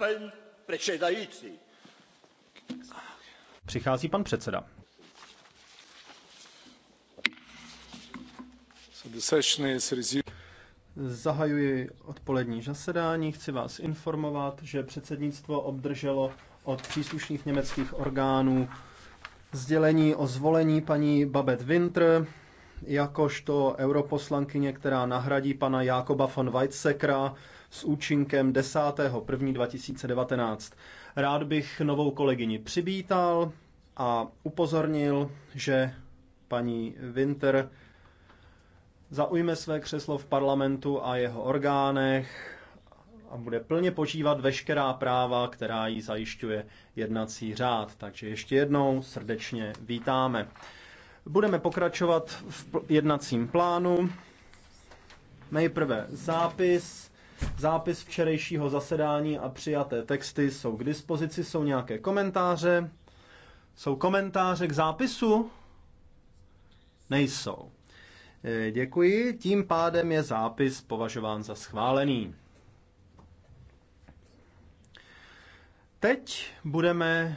pan předsedající. Přichází pan předseda. Zahajuji odpolední zasedání. Chci vás informovat, že předsednictvo obdrželo od příslušných německých orgánů sdělení o zvolení paní Babet Winter jakožto europoslankyně, která nahradí pana Jakoba von Weizsäckera s účinkem 10.1.2019. Rád bych novou kolegyni přivítal a upozornil, že paní Winter zaujme své křeslo v parlamentu a jeho orgánech a bude plně požívat veškerá práva, která jí zajišťuje jednací řád. Takže ještě jednou srdečně vítáme. Budeme pokračovat v jednacím plánu. Nejprve zápis. Zápis včerejšího zasedání a přijaté texty jsou k dispozici. Jsou nějaké komentáře? Jsou komentáře k zápisu? Nejsou. E, děkuji. Tím pádem je zápis považován za schválený. Teď budeme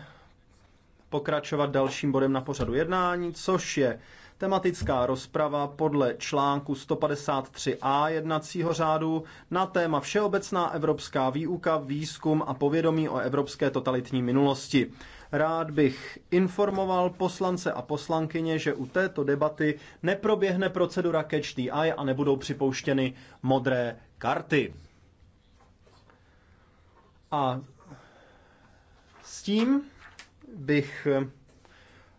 pokračovat dalším bodem na pořadu jednání, což je tematická rozprava podle článku 153a jednacího řádu na téma Všeobecná evropská výuka, výzkum a povědomí o evropské totalitní minulosti. Rád bych informoval poslance a poslankyně, že u této debaty neproběhne procedura catch the eye a nebudou připouštěny modré karty. A s tím bych eh,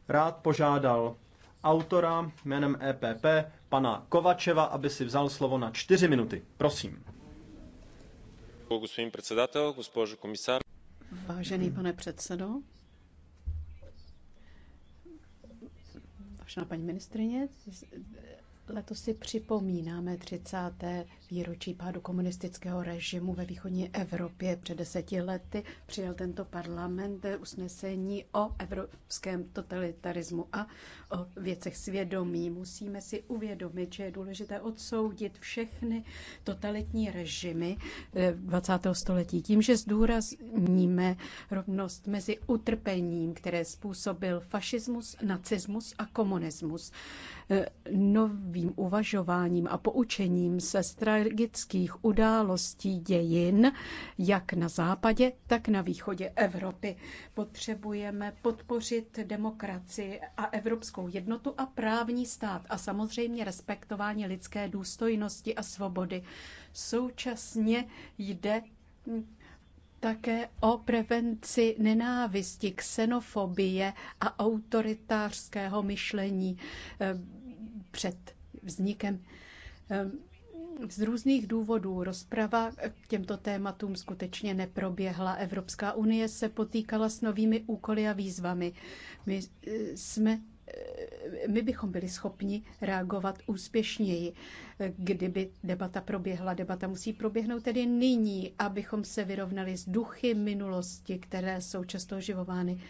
rád požádal autora jménem EPP, pana Kovačeva, aby si vzal slovo na čtyři minuty. Prosím. Vážený pane předsedo, vážená paní ministrině, Letos si připomínáme 30. výročí pádu komunistického režimu ve východní Evropě. Před deseti lety přijal tento parlament usnesení o evropském totalitarismu a o věcech svědomí. Musíme si uvědomit, že je důležité odsoudit všechny totalitní režimy 20. Eh, století tím, že zdůrazníme rovnost mezi utrpením, které způsobil fašismus, nacismus a komunismus. Eh, nový novým uvažováním a poučením se z tragických událostí dějin, jak na západě, tak na východě Evropy. Potřebujeme podpořit demokracii a evropskou jednotu a právní stát a samozřejmě respektování lidské důstojnosti a svobody. Současně jde také o prevenci nenávisti, xenofobie a autoritářského myšlení eh, před vznikem. Ehm, z různých důvodů rozprava k těmto tématům skutečně neproběhla. Evropská unie se potýkala s novými úkoly a výzvami. My eh, jsme eh, my bychom byli schopni reagovat úspěšněji, kdyby debata proběhla. Debata musí proběhnout tedy nyní, abychom se vyrovnali s duchy minulosti, které jsou často oživovány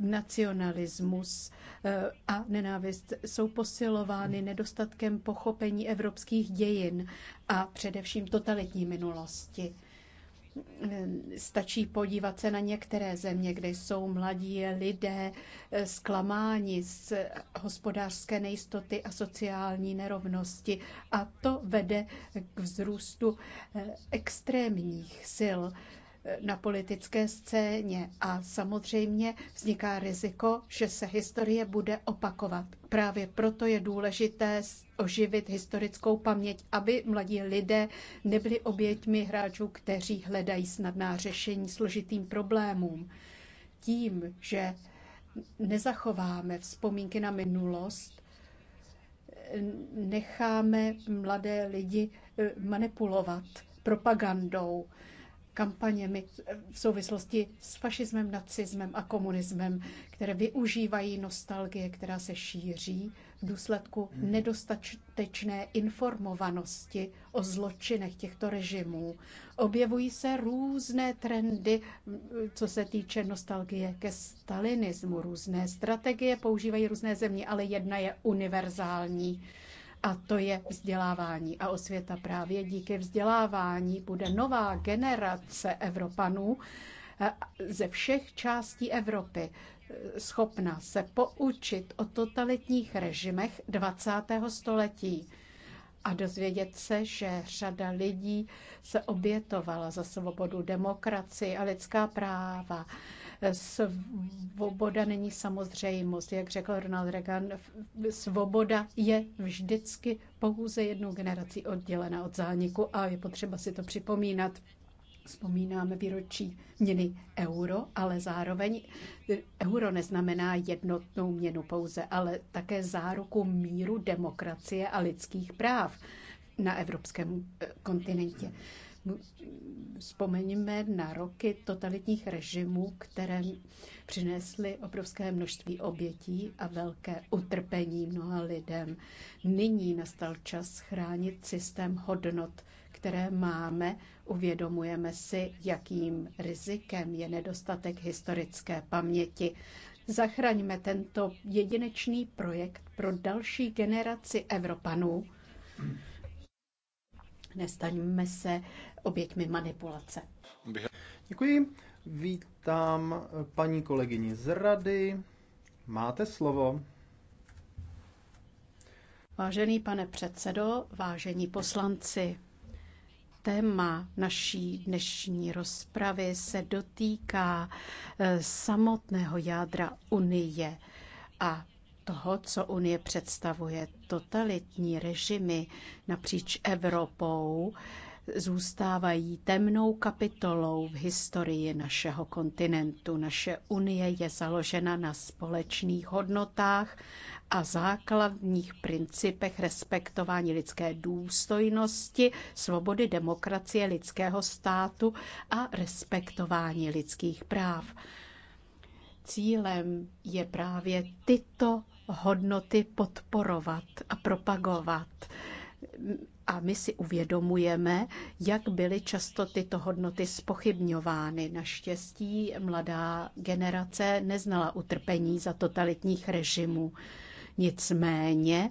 nacionalismus eh, a nenávist jsou posilovány nedostatkem pochopení evropských dějin a především totalitní minulosti. Eh, stačí podívat se na některé země, kde jsou mladí lidé eh, zklamáni z hospodářské nejistoty a sociální nerovnosti. A to vede k vzrůstu extrémních sil na politické scéně a samozřejmě vzniká riziko, že se historie bude opakovat. Právě proto je důležité oživit historickou paměť, aby mladí lidé nebyli oběťmi hráčů, kteří hledají snadná řešení složitým problémům. Tím, že nezachováme vzpomínky na minulost, necháme mladé lidi eh, manipulovat propagandou kampaněmi v souvislosti s fašismem, nacismem a komunismem, které využívají nostalgie, která se šíří v důsledku nedostatečné informovanosti o zločinech těchto režimů. Objevují se různé trendy, co se týče nostalgie ke stalinismu. Různé strategie používají různé země, ale jedna je univerzální a to je vzdělávání a osvěta. Právě díky vzdělávání bude nová generace Evropanů eh, ze všech částí Evropy eh, schopna se poučit o totalitních režimech 20. století a dozvědět se, že řada lidí se obětovala za svobodu, demokracii a lidská práva. Svoboda není samozřejmost. Jak řekl Ronald Reagan, svoboda je vždycky pouze jednou generací oddělena od zániku a je potřeba si to připomínat vzpomínáme výročí měny euro, ale zároveň euro neznamená jednotnou měnu pouze, ale také záruku míru, demokracie a lidských práv na evropském kontinentě. Vzpomeňme na roky totalitních režimů, které přinesly obrovské množství obětí a velké utrpení mnoha lidem. Nyní nastal čas chránit systém hodnot, které máme, uvědomujeme si, jakým rizikem je nedostatek historické paměti. Zachraňme tento jedinečný projekt pro další generaci Evropanů. Nestaňme se oběťmi manipulace. Děkuji. Vítám paní kolegyni z rady. Máte slovo. Vážený pane předsedo, vážení poslanci, téma naší dnešní rozpravy se dotýká eh, samotného jádra Unie a toho, co Unie představuje. Totalitní režimy napříč Evropou zůstávají temnou kapitolou v historii našeho kontinentu. Naše unie je založena na společných hodnotách a základních principech respektování lidské důstojnosti, svobody, demokracie, lidského státu a respektování lidských práv. Cílem je právě tyto hodnoty podporovat a propagovat a my si uvědomujeme, jak byly často tyto hodnoty spochybňovány. Naštěstí mladá generace neznala utrpení za totalitních režimů. Nicméně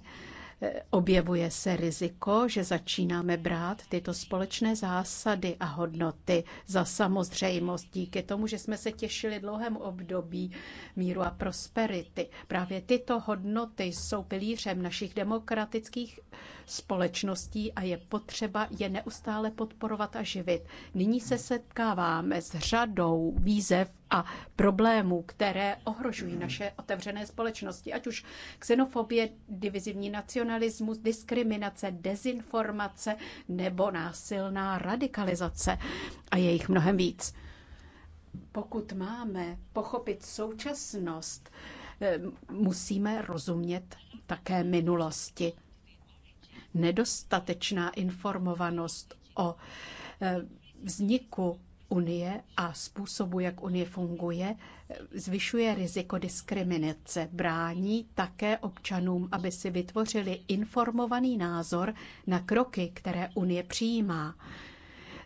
Objevuje se riziko, že začínáme brát tyto společné zásady a hodnoty za samozřejmost díky tomu, že jsme se těšili dlouhém období míru a prosperity. Právě tyto hodnoty jsou pilířem našich demokratických společností a je potřeba je neustále podporovat a živit. Nyní se setkáváme s řadou výzev a problémů, které ohrožují naše otevřené společnosti, ať už xenofobie, divizivní nacionalismus, diskriminace, dezinformace nebo násilná radikalizace. A je jich mnohem víc. Pokud máme pochopit současnost, eh, musíme rozumět také minulosti. Nedostatečná informovanost o eh, vzniku Unie a způsobu, jak Unie funguje, zvyšuje riziko diskriminace. Brání také občanům, aby si vytvořili informovaný názor na kroky, které Unie přijímá.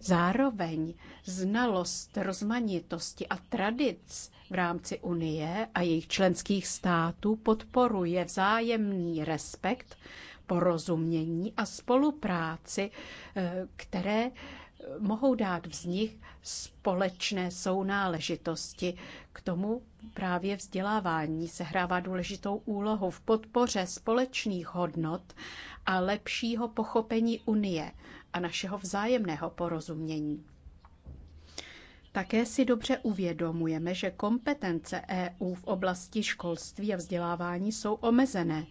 Zároveň znalost rozmanitosti a tradic v rámci Unie a jejich členských států podporuje vzájemný respekt, porozumění a spolupráci, eh, které mohou dát vznik společné sounáležitosti. K tomu právě vzdělávání sehrává důležitou úlohu v podpoře společných hodnot a lepšího pochopení Unie a našeho vzájemného porozumění. Také si dobře uvědomujeme, že kompetence EU v oblasti školství a vzdělávání jsou omezené.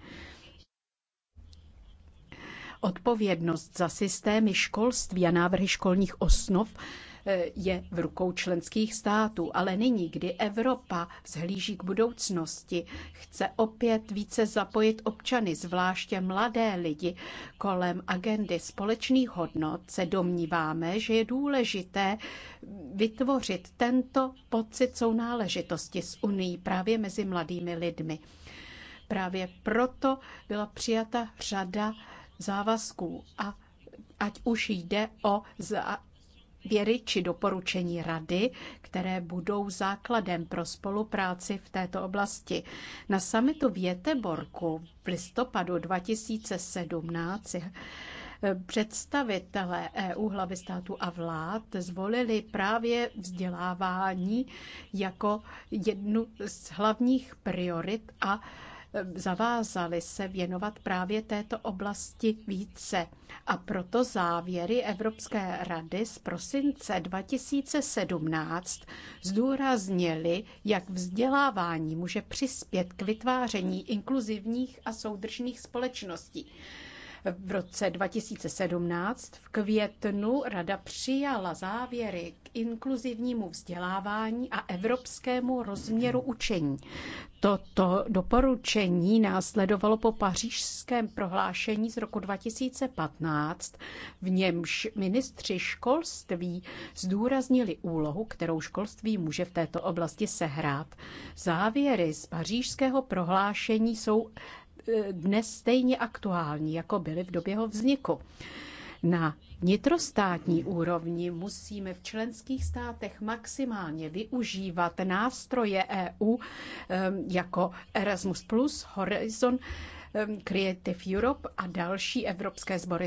Odpovědnost za systémy školství a návrhy školních osnov eh, je v rukou členských států, ale nyní, kdy Evropa vzhlíží k budoucnosti, chce opět více zapojit občany, zvláště mladé lidi, kolem agendy společných hodnot, se domníváme, že je důležité vytvořit tento pocit sounáležitosti s Unii právě mezi mladými lidmi. Právě proto byla přijata řada závazků a ať už jde o věry či doporučení rady, které budou základem pro spolupráci v této oblasti. Na samitu v Jeteborku v listopadu 2017 představitelé EU, hlavy států a vlád zvolili právě vzdělávání jako jednu z hlavních priorit a zavázali se věnovat právě této oblasti více. A proto závěry Evropské rady z prosince 2017 zdůraznili, jak vzdělávání může přispět k vytváření inkluzivních a soudržných společností. V roce 2017 v květnu Rada přijala závěry k inkluzivnímu vzdělávání a evropskému rozměru učení. Toto doporučení následovalo po pařížském prohlášení z roku 2015, v němž ministři školství zdůraznili úlohu, kterou školství může v této oblasti sehrát. Závěry z pařížského prohlášení jsou E, dnes stejně aktuální, jako byly v době jeho vzniku. Na vnitrostátní úrovni musíme v členských státech maximálně využívat nástroje EU e, jako Erasmus, Horizon, e, Creative Europe a další evropské sbory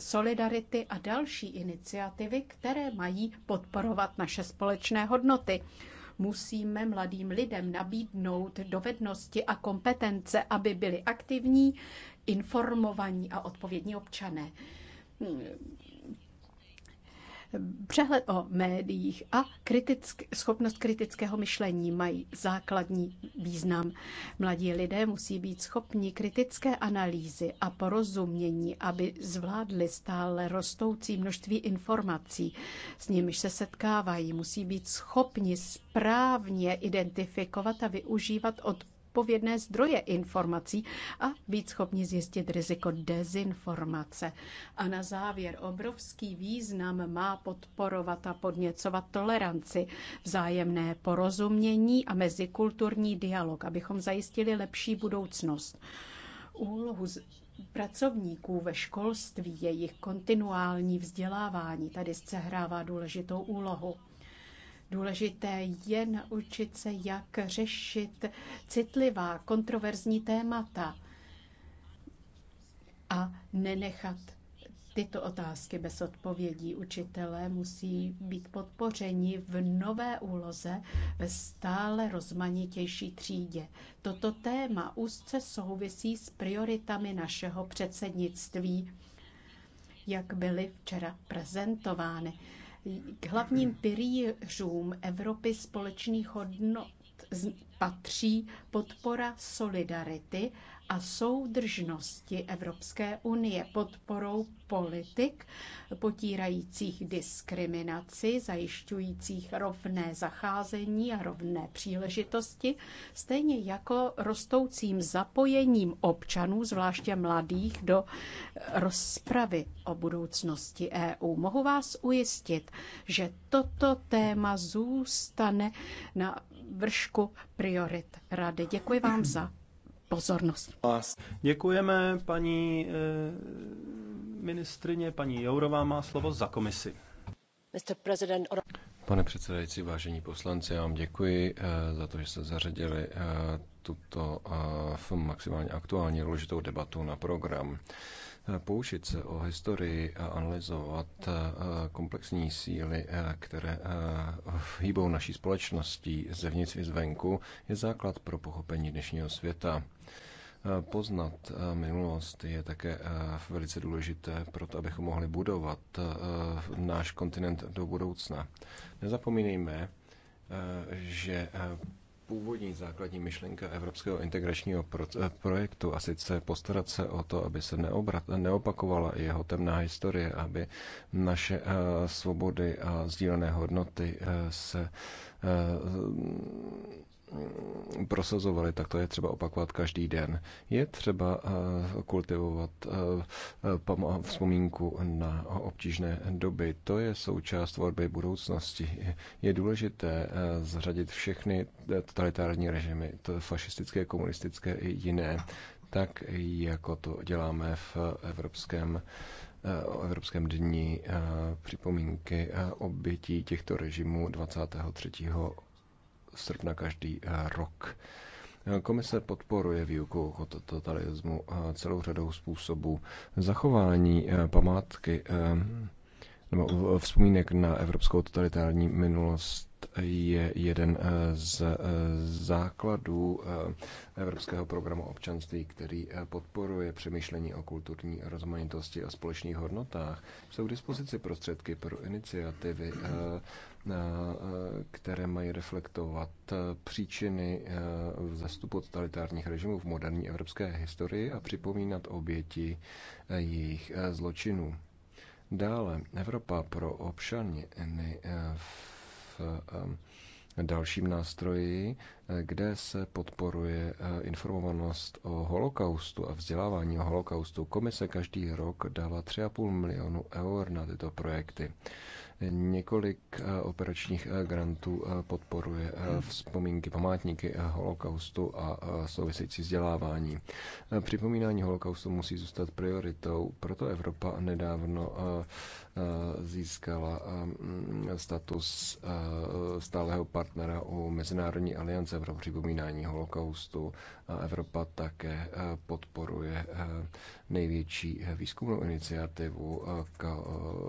Solidarity a další iniciativy, které mají podporovat naše společné hodnoty. Musíme mladým lidem nabídnout dovednosti a kompetence, aby byli aktivní, informovaní a odpovědní občané přehled o médiích a kritick, schopnost kritického myšlení mají základní význam. Mladí lidé musí být schopni kritické analýzy a porozumění, aby zvládli stále rostoucí množství informací, s nimiž se setkávají. Musí být schopni správně identifikovat a využívat od odpovědné zdroje informací a být schopni zjistit riziko dezinformace. A na závěr obrovský význam má podporovat a podněcovat toleranci, vzájemné porozumění a mezikulturní dialog, abychom zajistili lepší budoucnost. Úlohu pracovníků ve školství, jejich kontinuální vzdělávání tady zcehrává důležitou úlohu. Důležité je naučit se, jak řešit citlivá, kontroverzní témata a nenechat tyto otázky bez odpovědí. Učitelé musí být podpořeni v nové úloze ve stále rozmanitější třídě. Toto téma úzce souvisí s prioritami našeho předsednictví, jak byly včera prezentovány. K hlavním pilířům Evropy společných hodnot patří podpora solidarity a soudržnosti Evropské unie podporou politik potírajících diskriminaci, zajišťujících rovné zacházení a rovné příležitosti, stejně jako rostoucím zapojením občanů, zvláště mladých, do rozpravy o budoucnosti EU. Mohu vás ujistit, že toto téma zůstane na vršku priorit Rady. Děkuji vám za pozornost. Děkujeme, paní eh, ministrině. Paní Jourová má slovo za komisi. Pane předsedající, vážení poslanci, já vám děkuji eh, za to, že jste zařadili eh, tuto maximálně aktuální důležitou debatu na program poučit se o historii a analyzovat eh, komplexní síly, eh, které eh, hýbou naší společností zevnitř i zvenku, je základ pro pochopení dnešního světa. Poznat minulost je také velice důležité pro to, abychom mohli budovat náš kontinent do budoucna. Nezapomínejme, že původní základní myšlenka evropského integračního eh, projektu a sice postarat se o to, aby se neobrat, neopakovala jeho temná historie, aby naše eh, svobody a sdílené hodnoty eh, se Mm, prosazovali, tak to je třeba opakovat každý den. Je třeba eh, kultivovat eh, eh, vzpomínku na obtížné doby. To je součást tvorby budoucnosti. Je důležité zřadit všechny totalitární režimy, to fašistické, komunistické i jiné, tak jako to děláme v evropském o Evropském dní připomínky obětí těchto režimů 23 srpna každý eh, rok. Eh, komise podporuje výuku totalismu celou řadou způsobů. Zachování eh, památky nebo vzpomínek na evropskou totalitární minulost je jeden eh, z eh, základů eh, Evropského programu občanství, který podporuje přemýšlení o kulturní rozmanitosti a společných hodnotách. Jsou k dispozici prostředky pro iniciativy, které mají reflektovat příčiny zastupu totalitárních režimů v moderní evropské historii a připomínat oběti jejich zločinů. Dále Evropa pro občany eh, v eh, dalším nástroji, eh, kde se podporuje informovanost o holokaustu a vzdělávání o holokaustu. Komise každý rok dává 3,5 milionu eur na tyto projekty. Několik eh, operačních eh, grantů eh, podporuje vzpomínky, památníky holokaustu a související vzdělávání. Připomínání holokaustu musí zůstat prioritou, proto Evropa nedávno Eh, získala eh, status eh, stáleho partnera u Mezinárodní aliance pro připomínání holokaustu. A Evropa také podporuje největší výzkumnou iniciativu k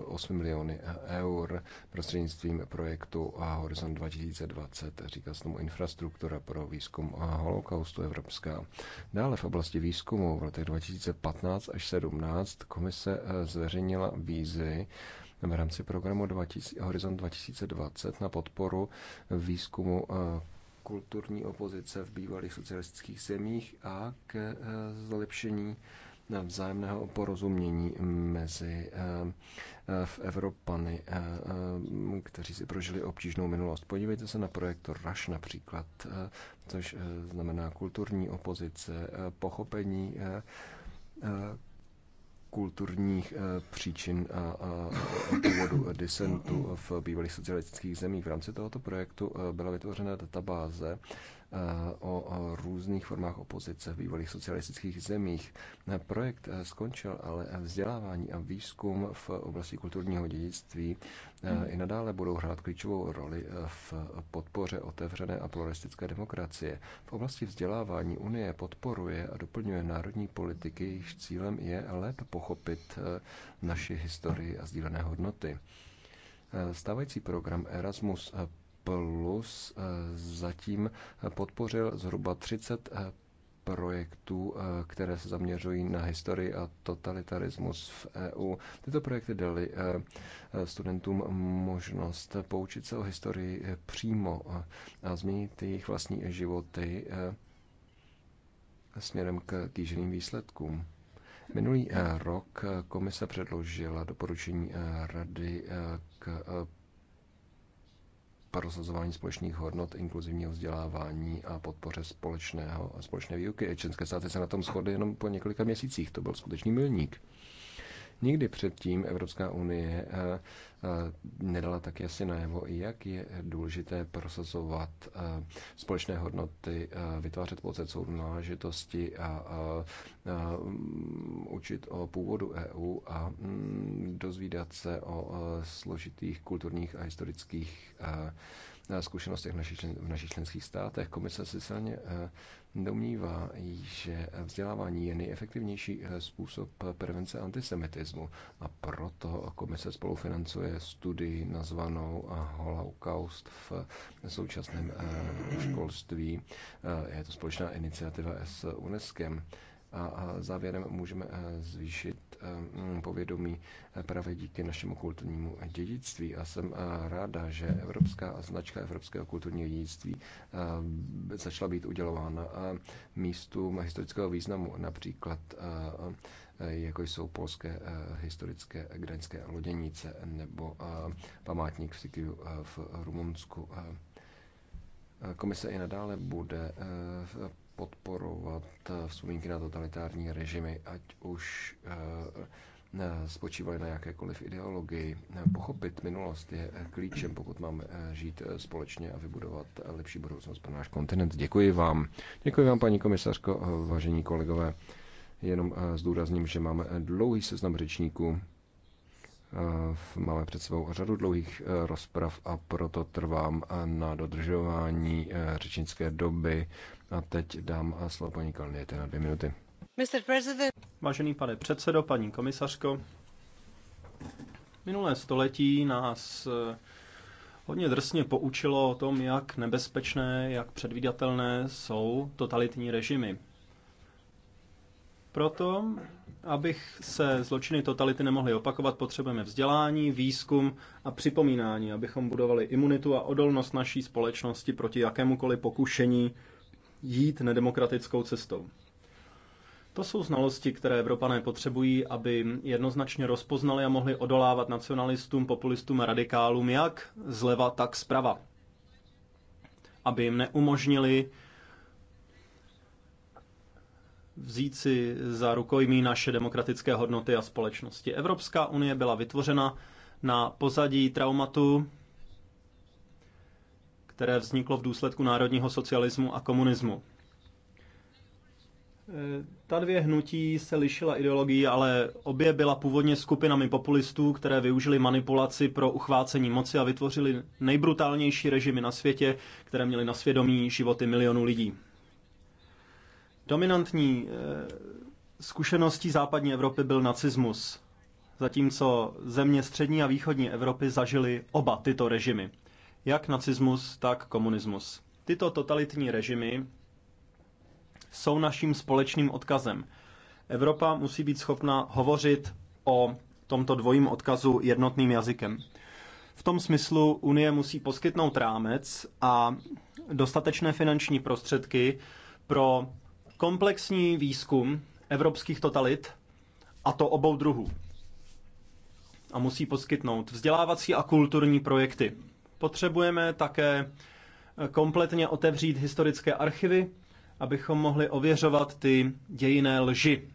8 miliony eur prostřednictvím projektu Horizon 2020, říká se tomu infrastruktura pro výzkum holokaustu evropská. Dále v oblasti výzkumu v letech 2015 až 17 komise zveřejnila výzvy v rámci programu 2000, Horizon 2020 na podporu eh, výzkumu eh, kulturní opozice v bývalých socialistických zemích a k eh, zlepšení vzájemného porozumění mezi v Evropany, kteří si prožili obtížnou minulost. Podívejte se na projekt RAŠ například, což znamená kulturní opozice, pochopení kulturních eh, příčin a, a původu disentu v bývalých socialistických zemích. V rámci tohoto projektu eh, byla vytvořena databáze Eh, o různých formách opozice v bývalých socialistických zemích. Projekt eh, skončil, ale vzdělávání a výzkum v oblasti kulturního dědictví eh, hmm. i nadále budou hrát klíčovou roli v podpoře otevřené a pluralistické demokracie. V oblasti vzdělávání Unie podporuje a doplňuje národní politiky, jejichž cílem je lépe pochopit naši historii a sdílené hodnoty. Stávající program Erasmus plus eh, zatím podpořil zhruba 30 eh, projektů, eh, které se zaměřují na historii a totalitarismus v EU. Tyto projekty dali studentům možnost poučit se o historii přímo a změnit jejich vlastní životy směrem k kýženým výsledkům. Minulý rok komise předložila doporučení rady k prosazování společných hodnot, inkluzivního vzdělávání a podpoře společného, společné výuky. Členské státy se na tom shodly jenom po několika měsících. To byl skutečný milník. Nikdy předtím Evropská unie eh, eh, nedala tak jasně najevo, jak je důležité prosazovat eh, společné hodnoty, vytvářet pocit sounáležitosti a mm, učit o původu EU a mm, dozvídat se o složitých kulturních a historických zkušenostech našich, v našich členských státech. Komise si silně eh, domnívá, že vzdělávání je nejefektivnější eh, způsob prevence antisemitismu a proto komise spolufinancuje studii nazvanou eh, Holocaust v současném školství. Je to společná iniciativa s UNESCO a závěrem můžeme zvýšit Eh, povědomí eh, právě díky našemu kulturnímu dědictví. A jsem eh, ráda, že evropská značka evropského kulturního dědictví začala být udělována místům historického významu, například jako jsou polské historické graňské loděnice nebo památník v Sikiu v Rumunsku. Komise i nadále bude podporovat eh, vzpomínky na totalitární režimy, ať už eh, eh, spočívají na jakékoliv ideologii. Pochopit minulost je klíčem, pokud máme žít společně a vybudovat lepší budoucnost pro náš kontinent. Děkuji vám. Děkuji vám, paní komisařko, vážení kolegové. Jenom zdůrazním, že máme dlouhý seznam řečníků. Máme před sebou řadu dlouhých e, rozprav a proto trvám e, na dodržování e, řečnické doby. A teď dám slovo paní Kalněte na dvě minuty. Vážený pane předsedo, paní komisařko, minulé století nás hodně drsně poučilo o tom, jak nebezpečné, jak předvídatelné jsou totalitní režimy. Proto Abych se zločiny totality nemohly opakovat, potřebujeme vzdělání, výzkum a připomínání, abychom budovali imunitu a odolnost naší společnosti proti jakémukoliv pokušení jít nedemokratickou cestou. To jsou znalosti, které Evropané potřebují, aby jednoznačně rozpoznali a mohli odolávat nacionalistům, populistům a radikálům jak zleva, tak zprava. Aby jim neumožnili vzít si za rukojmí naše demokratické hodnoty a společnosti. Evropská unie byla vytvořena na pozadí traumatu, které vzniklo v důsledku národního socialismu a komunismu. Ta dvě hnutí se lišila ideologií, ale obě byla původně skupinami populistů, které využili manipulaci pro uchvácení moci a vytvořili nejbrutálnější režimy na světě, které měly na svědomí životy milionů lidí. Dominantní eh, zkušeností západní Evropy byl nacismus, zatímco země střední a východní Evropy zažily oba tyto režimy, jak nacismus, tak komunismus. Tyto totalitní režimy jsou naším společným odkazem. Evropa musí být schopna hovořit o tomto dvojím odkazu jednotným jazykem. V tom smyslu Unie musí poskytnout rámec a dostatečné finanční prostředky pro Komplexní výzkum evropských totalit, a to obou druhů. A musí poskytnout vzdělávací a kulturní projekty. Potřebujeme také eh, kompletně otevřít historické archivy, abychom mohli ověřovat ty dějiné lži.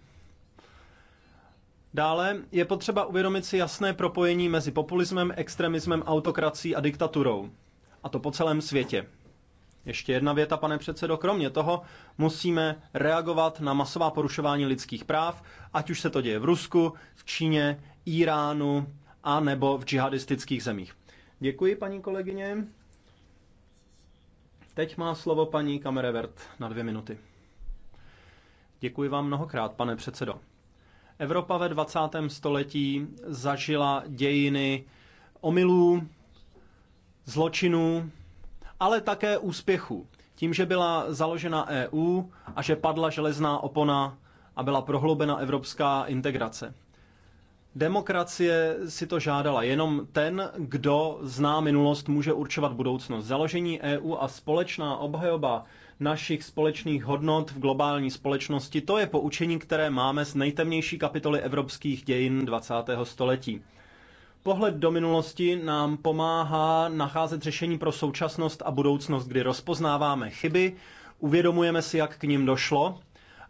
Dále je potřeba uvědomit si jasné propojení mezi populismem, extremismem, autokrací a diktaturou. A to po celém světě. Ještě jedna věta, pane předsedo. Kromě toho musíme reagovat na masová porušování lidských práv, ať už se to děje v Rusku, v Číně, Iránu a nebo v džihadistických zemích. Děkuji, paní kolegyně. Teď má slovo paní Kamerevert na dvě minuty. Děkuji vám mnohokrát, pane předsedo. Evropa ve 20. století zažila dějiny omylů, zločinů, ale také úspěchu. Tím, že byla založena EU a že padla železná opona a byla prohloubena evropská integrace. Demokracie si to žádala. Jenom ten, kdo zná minulost, může určovat budoucnost. Založení EU a společná obhajoba našich společných hodnot v globální společnosti, to je poučení, které máme z nejtemnější kapitoly evropských dějin 20. století. Pohled do minulosti nám pomáhá nacházet řešení pro současnost a budoucnost, kdy rozpoznáváme chyby, uvědomujeme si, jak k ním došlo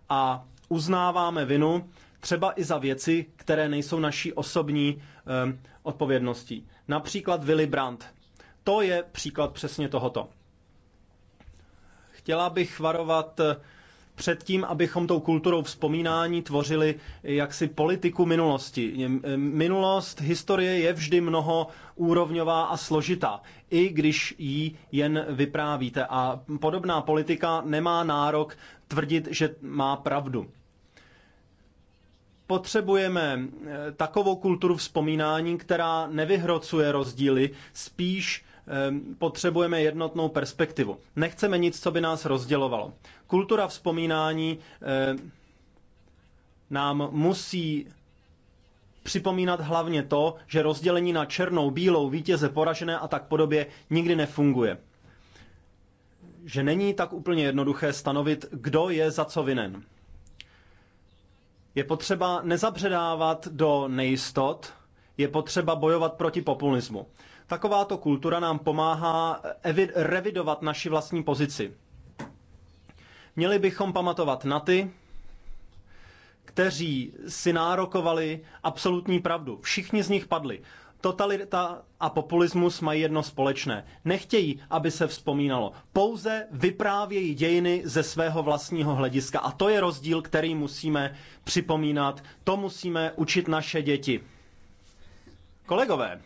a uznáváme vinu, třeba i za věci, které nejsou naší osobní eh, odpovědností. Například Willy Brandt. To je příklad přesně tohoto. Chtěla bych varovat eh, předtím, abychom tou kulturou vzpomínání tvořili jaksi politiku minulosti. E, minulost, historie je vždy mnoho úrovňová a složitá, i když ji jen vyprávíte. A podobná politika nemá nárok tvrdit, že má pravdu potřebujeme e, takovou kulturu vzpomínání, která nevyhrocuje rozdíly, spíš Ehm, potřebujeme jednotnou perspektivu. Nechceme nic, co by nás rozdělovalo. Kultura vzpomínání ehm, nám musí připomínat hlavně to, že rozdělení na černou, bílou, vítěze, poražené a tak podobě nikdy nefunguje. Že není tak úplně jednoduché stanovit, kdo je za co vinen. Je potřeba nezabředávat do nejistot, je potřeba bojovat proti populismu. Takováto kultura nám pomáhá eh, revidovat naši vlastní pozici. Měli bychom pamatovat na ty, kteří si nárokovali absolutní pravdu. Všichni z nich padli. Totalita a populismus mají jedno společné. Nechtějí, aby se vzpomínalo. Pouze vyprávějí dějiny ze svého vlastního hlediska. A to je rozdíl, který musíme připomínat. To musíme učit naše děti. Kolegové,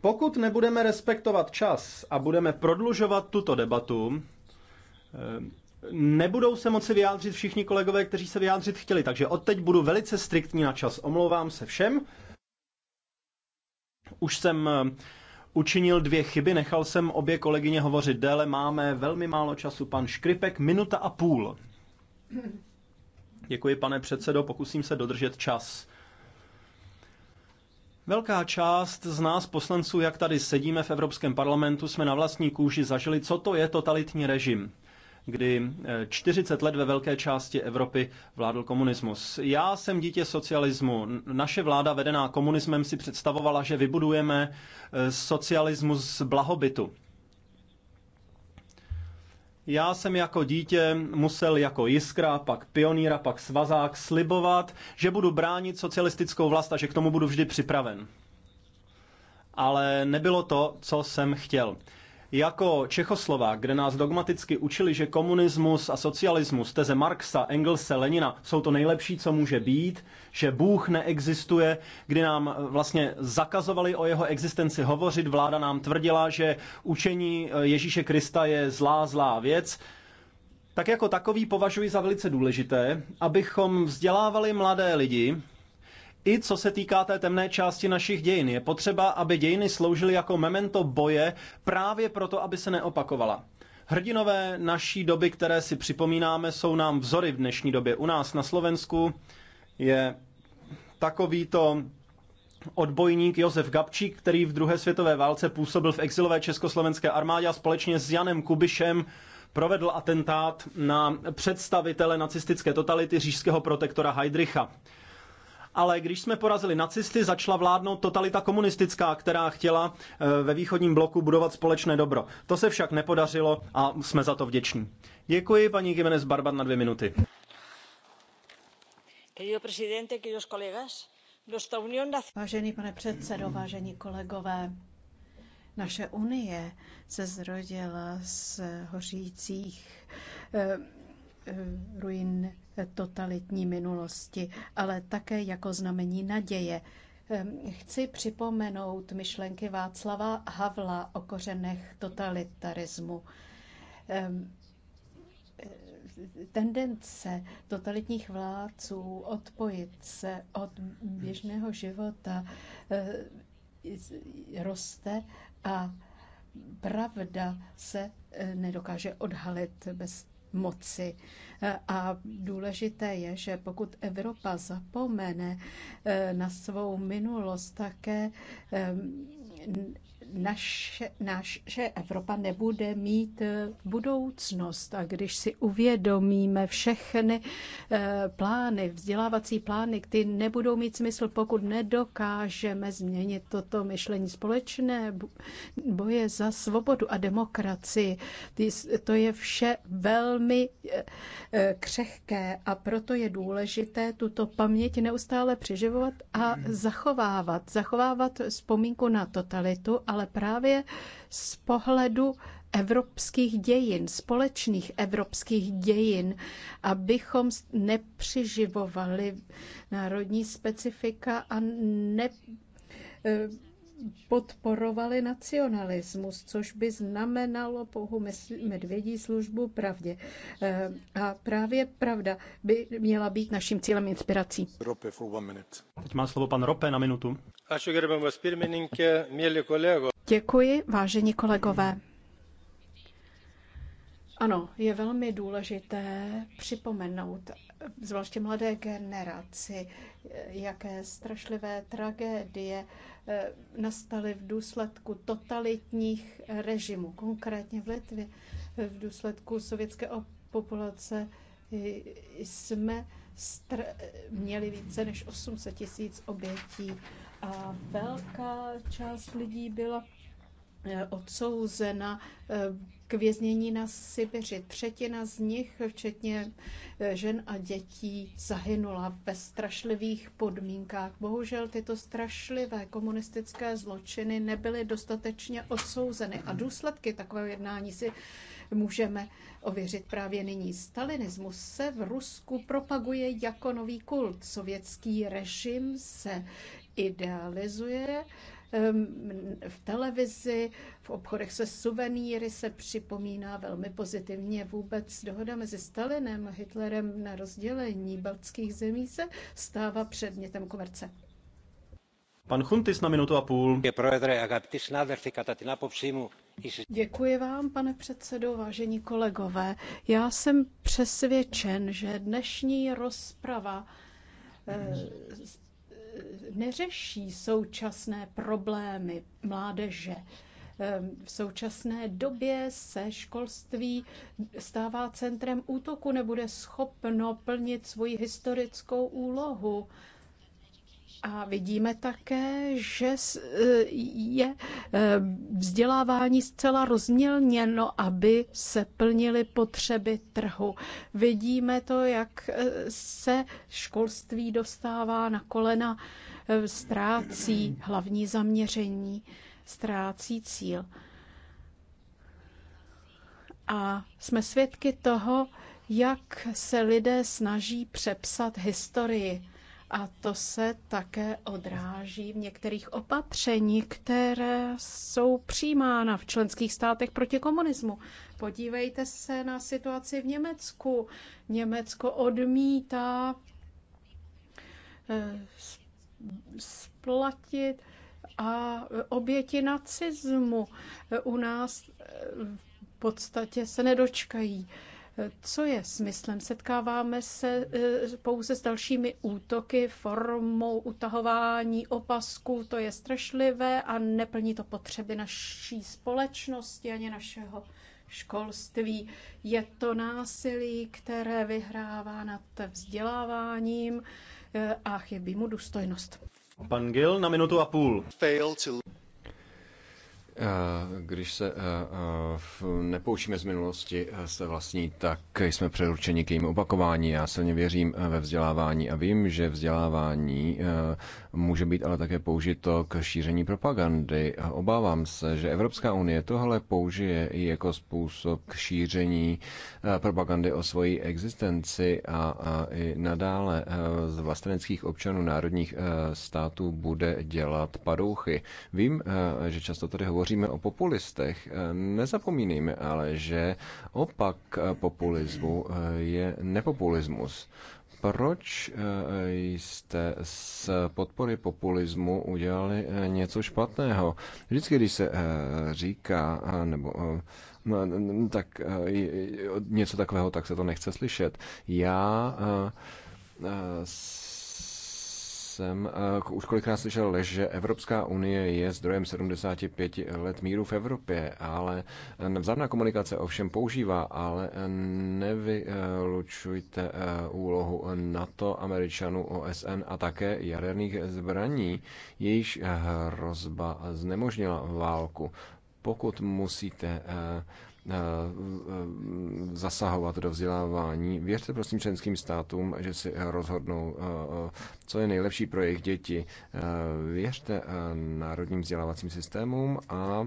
pokud nebudeme respektovat čas a budeme prodlužovat tuto debatu, eh, nebudou se moci vyjádřit všichni kolegové, kteří se vyjádřit chtěli, takže odteď budu velice striktní na čas. Omlouvám se všem. Už jsem eh, učinil dvě chyby, nechal jsem obě kolegyně hovořit déle, máme velmi málo času. Pan Škripek, minuta a půl. Děkuji, pane předsedo, pokusím se dodržet čas. Velká část z nás poslanců, jak tady sedíme v Evropském parlamentu, jsme na vlastní kůži zažili, co to je totalitní režim kdy 40 eh, let ve velké části Evropy vládl komunismus. Já jsem dítě socialismu. Naše vláda vedená komunismem si představovala, že vybudujeme eh, socialismus z blahobytu. Já jsem jako dítě musel jako jiskra, pak pionýra, pak svazák slibovat, že budu bránit socialistickou vlast a že k tomu budu vždy připraven. Ale nebylo to, co jsem chtěl. Jako Čechoslova, kde nás dogmaticky učili, že komunismus a socialismus, teze Marxa, Engelse, Lenina jsou to nejlepší, co může být, že Bůh neexistuje, kdy nám eh, vlastně zakazovali o jeho existenci hovořit, vláda nám tvrdila, že učení eh, Ježíše Krista je zlá, zlá věc, tak jako takový považuji za velice důležité, abychom vzdělávali mladé lidi, i co se týká té temné části našich dějin, je potřeba, aby dějiny sloužily jako memento boje právě proto, aby se neopakovala. Hrdinové naší doby, které si připomínáme, jsou nám vzory v dnešní době. U nás na Slovensku je takovýto odbojník Josef Gabčík, který v druhé světové válce působil v exilové československé armádě a společně s Janem Kubišem provedl atentát na představitele nacistické totality říšského protektora Heidricha ale když jsme porazili nacisty, začala vládnout totalita komunistická, která chtěla eh, ve východním bloku budovat společné dobro. To se však nepodařilo a jsme za to vděční. Děkuji, paní Jiménez Barbat, na dvě minuty. Vážený pane předsedo, vážení kolegové, naše unie se zrodila z hořících eh, ruin totalitní minulosti, ale také jako znamení naděje. Ehm, chci připomenout myšlenky Václava Havla o kořenech totalitarismu ehm, tendence totalitních vládců odpojit se od běžného života eh, roste a pravda se eh, nedokáže odhalit bez moci. A důležité je, že pokud Evropa zapomene eh, na svou minulost, také eh, naše, naše Evropa nebude mít eh, budoucnost. A když si uvědomíme všechny eh, plány, vzdělávací plány, ty nebudou mít smysl, pokud nedokážeme změnit toto myšlení společné boje za svobodu a demokracii. To je vše velmi eh, křehké a proto je důležité tuto paměť neustále přeživovat a mhm. zachovávat. Zachovávat vzpomínku na totalitu, ale ale právě z pohledu evropských dějin, společných evropských dějin, abychom nepřiživovali národní specifika a ne eh, podporovali nacionalismus, což by znamenalo pohu medvědí službu pravdě. Eh, a právě pravda by měla být naším cílem inspirací. Rope for one minute. Teď má slovo pan Rope na minutu. Děkuji, vážení kolegové. Ano, je velmi důležité připomenout, zvláště mladé generaci, jaké strašlivé tragédie eh, nastaly v důsledku totalitních režimů, konkrétně v Litvě. V důsledku sovětské populace eh, jsme měli více než 800 tisíc obětí a velká část lidí byla Eh, odsouzena eh, k věznění na Sibiři. Třetina z nich, včetně eh, žen a dětí, zahynula ve strašlivých podmínkách. Bohužel tyto strašlivé komunistické zločiny nebyly dostatečně odsouzeny a důsledky takového jednání si můžeme ověřit právě nyní. Stalinismus se v Rusku propaguje jako nový kult. Sovětský režim se idealizuje v televizi, v obchodech se suvenýry se připomíná velmi pozitivně. Vůbec dohoda mezi Stalinem a Hitlerem na rozdělení baltských zemí se stává předmětem komerce. Pan Chuntis na minutu a půl. Děkuji vám, pane předsedo, vážení kolegové. Já jsem přesvědčen, že dnešní rozprava eh, neřeší současné problémy mládeže. Ehm, v současné době se školství stává centrem útoku, nebude schopno plnit svoji historickou úlohu a vidíme také, že je eh, vzdělávání zcela rozmělněno, aby se plnily potřeby trhu. Vidíme to, jak eh, se školství dostává na kolena, eh, ztrácí hlavní zaměření, ztrácí cíl. A jsme svědky toho, jak se lidé snaží přepsat historii a to se také odráží v některých opatřeních, které jsou přijímána v členských státech proti komunismu. Podívejte se na situaci v Německu. Německo odmítá eh, splatit a eh, oběti nacismu u nás eh, v podstatě se nedočkají co je smyslem? Setkáváme se eh, pouze s dalšími útoky formou utahování opasků. To je strašlivé a neplní to potřeby naší společnosti ani našeho školství. Je to násilí, které vyhrává nad vzděláváním eh, a chybí mu důstojnost. Pan Gil na minutu a půl. Eh, když se eh, eh, nepoučíme z minulosti se vlastní, tak jsme předurčeni k jejím opakování. Já silně věřím ve vzdělávání a vím, že vzdělávání může být ale také použito k šíření propagandy. Obávám se, že Evropská unie tohle použije i jako způsob k šíření propagandy o svoji existenci a, a i nadále z vlasteneckých občanů národních států bude dělat padouchy. Vím, že často tady hovoří hovoříme o populistech, eh, nezapomínejme ale, že opak eh, populismu eh, je nepopulismus. Proč jste z podpory populismu udělali něco špatného? Vždycky, když se říká, nebo tak něco takového, tak se to nechce slyšet. Já jsem eh, už kolikrát slyšel, že Evropská unie je zdrojem 75 let míru v Evropě, ale eh, vzájemná komunikace ovšem používá, ale eh, nevylučujte úlohu NATO, Američanů, OSN a také jaderných zbraní, jejíž hrozba znemožnila válku pokud musíte eh, eh, eh, zasahovat do vzdělávání. Věřte prosím členským státům, že si rozhodnou, co je nejlepší pro jejich děti. Věřte národním vzdělávacím systémům a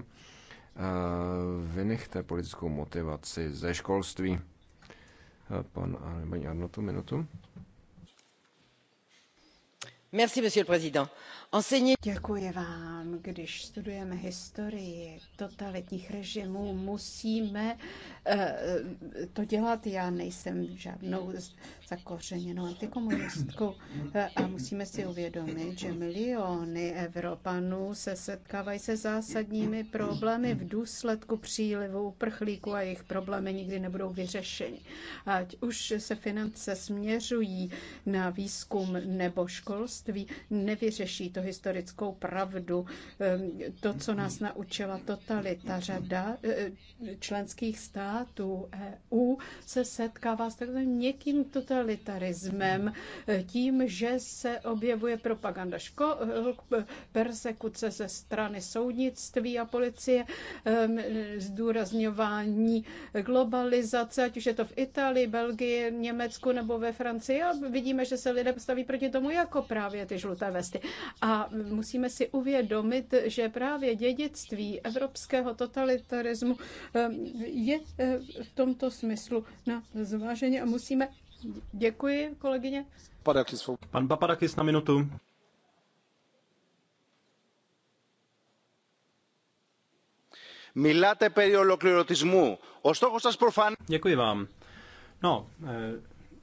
vynechte politickou motivaci ze školství. Pan paní Arnotu, minutu. Merci, monsieur le président Děkuji vám. Když studujeme historii totalitních režimů, musíme eh, to dělat. Já nejsem žádnou zakořeněnou antikomunistkou eh, a musíme si uvědomit, že miliony Evropanů se setkávají se zásadními problémy v důsledku přílivu uprchlíků a jejich problémy nikdy nebudou vyřešeny. Ať už se finance směřují na výzkum nebo školství, nevyřeší to historickou pravdu, to, co nás naučila totalita. Řada e, členských států EU se setkává s takovým někým totalitarismem, e, tím, že se objevuje propaganda škol, e, persekuce ze strany soudnictví a policie, zdůrazňování globalizace, ať už je to v Itálii, Belgii, Německu nebo ve Francii. A vidíme, že se lidé staví proti tomu jako právě ty žluté vesty. A musíme si uvědomit, že právě dědictví evropského totalitarismu eh, je eh, v tomto smyslu na zvážení a musíme. Děkuji, kolegyně. Pan Papadakis na minutu. Děkuji vám. No, eh,